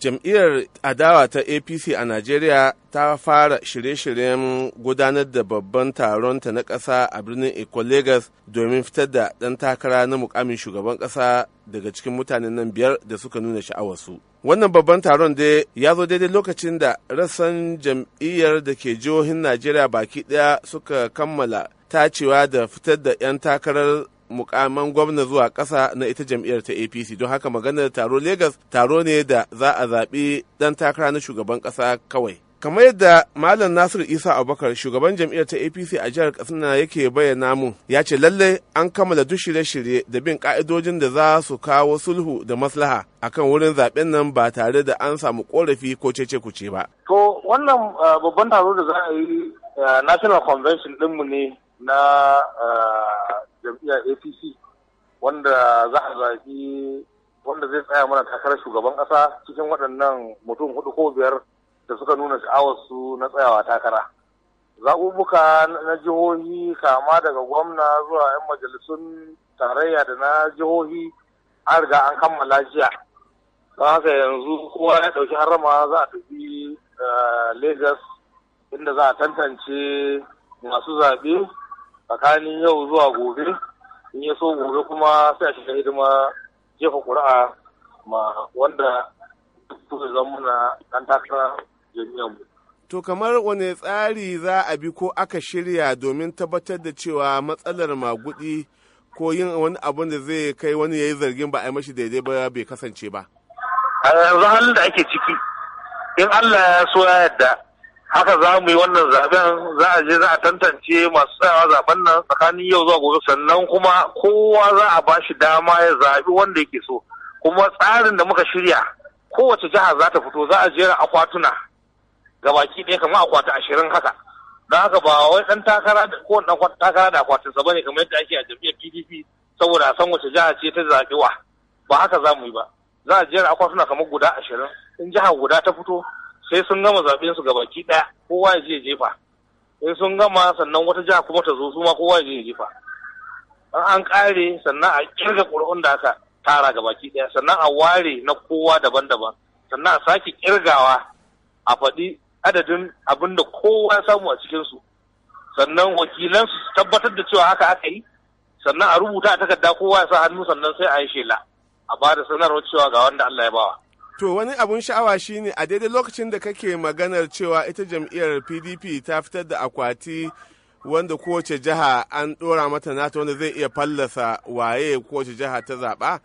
jam'iyyar adawa ta apc a najeriya ta fara shirye-shiryen gudanar da babban taronta na ƙasa a birnin eko lagos domin fitar da ɗan takara na mukamin shugaban ƙasa daga cikin mutanen nan biyar da suka nuna sha'awarsu wannan babban taron dai ya zo daidai lokacin da rassan jam'iyyar da ke jihohin najeriya baki ɗaya suka kammala tacewa da fitar da 'yan takarar mukaman gwamna zuwa ƙasa na ita jam'iyyar ta apc don haka maganar taro Legas taro ne da za a zaɓi ɗan takara na shugaban ƙasa kawai kamar yadda malam nasir isa abubakar shugaban jam'iyyar ta apc a jihar katsina yake bayyana mu ya ce lalle an kammala duk shirye-shirye da bin ka'idojin da za su kawo sulhu da maslaha akan wurin zaben nan ba tare da an samu korafi ko cece kuce ba to wannan eh, babban taro da za a yi eh, national convention mu ne na eh, jam'iyyar apc wanda za a zaɓi wanda zai tsaya mana takarar shugaban ƙasa cikin waɗannan mutum hudu ko biyar da suka nuna sha'awar su na tsayawa takara zaɓuɓɓuka na jihohi kama daga gwamna zuwa 'yan majalisun tarayya da na jihohi an riga an kammala jiya don haka yanzu kowa ya ɗauki harama za a tafi eh, lagos inda za a tantance masu zaɓe tsakanin yau zuwa gobe in ya so gobe kuma sai a shiga hidima jefa ƙuri'a ma wanda suka zama na ɗan takara jami'an mu. To kamar wane tsari za a bi ko aka shirya domin tabbatar da cewa matsalar magudi ko yin wani abun da zai kai wani ya yi zargin ba a yi mashi daidai ba bai kasance ba? A yanzu halin da ake ciki, in Allah ya so ya yadda haka za mu yi wannan zaben za a je za a tantance masu tsayawa zaben nan tsakanin yau zuwa gobe sannan kuma kowa za a ba shi dama ya zaɓi wanda yake so kuma tsarin da muka shirya kowace jiha za ta fito za a jera akwatuna ga baki ɗaya kamar akwati ashirin haka don haka ba wai ɗan takara ko ɗan takara da sa bane kamar yadda ake a jam'iyyar PDP saboda a san wace jiha ce ta zaɓi wa ba haka za mu yi ba za a jera akwatuna kamar guda ashirin in jiha guda ta fito sai sun gama zaɓen su gabaki ɗaya kowa ya je jefa sai sun gama sannan wata jiha kuma ta zo su ma kowa ya je jefa an an ƙare sannan a kirga ƙuri'un da aka tara gabaki ɗaya sannan a ware na kowa daban-daban sannan a sake kirgawa a faɗi adadin abin da kowa ya samu a cikinsu sannan wakilansu su tabbatar da cewa haka aka yi sannan a rubuta a takarda kowa ya sa hannu sannan sai a yi shela a ba da sanarwar cewa ga wanda Allah ya bawa. To wani abun sha'awa shine a daidai lokacin da kake maganar cewa ita jam'iyyar PDP ta fitar da akwati wanda kowace jiha an ɗora mata nata wanda zai iya fallasa waye kowace jiha ta zaɓa.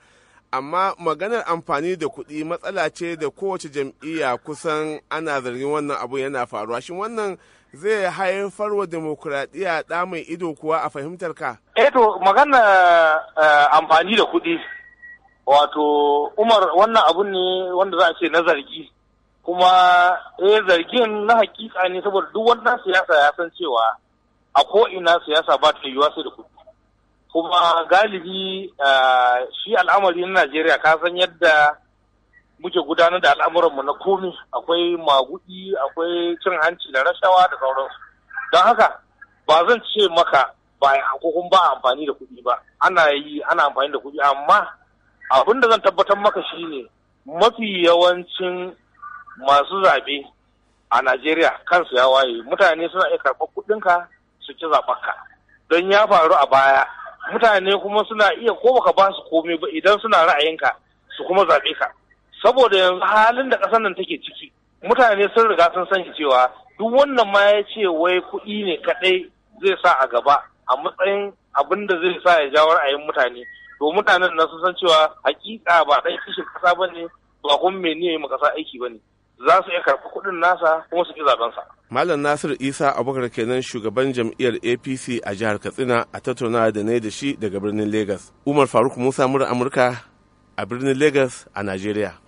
Amma maganar amfani da kuɗi matsala ce da kowace jam'iyya kusan ana zargin wannan abu yana faruwa. Shin wannan zai haifar wa demokuraɗiyya ɗa mai ido kuwa a fahimtar ka? Eh to maganar eh, amfani da kuɗi wato umar wannan abun ne wanda za a ce na zargi kuma eh zargin na hakika ne saboda duk wannan siyasa ya san cewa a ko'ina siyasa ba ta yiwuwa sai da kuɗi kuma galibi shi al'amari na Najeriya ka san yadda muke gudanar da al'amuranmu na komi akwai magudi akwai cin hanci da rashawa da sauransu don haka ba zan ce maka ba a ba amfani da kuɗi ba ana yi ana amfani da kuɗi amma abin da zan tabbatar maka shine mafi yawancin masu zaɓe a Najeriya kansu ya waye mutane suna iya karɓar kuɗinka su ci ka, don ya faru a baya mutane kuma suna iya ko baka ba su komai ba idan suna ra'ayinka su kuma zaɓe ka saboda yanzu halin da ƙasar nan take ciki mutane sun riga sun sanya cewa duk wannan ma ya ce wai kuɗi ne kaɗai zai sa a gaba a matsayin abin da zai sa ya jawo ra'ayin mutane to mutanen na sun san cewa hakika ba ɗan kishin ƙasa bane ba kuma mai ne ma ƙasa aiki bane za su iya karɓi kuɗin nasa kuma su ƙi sa Malam Nasir Isa Abubakar kenan shugaban jam'iyyar APC a jihar Katsina a tattauna da ne da shi daga birnin Legas. Umar Faruk Musa Mura Amurka a birnin Legas a Najeriya.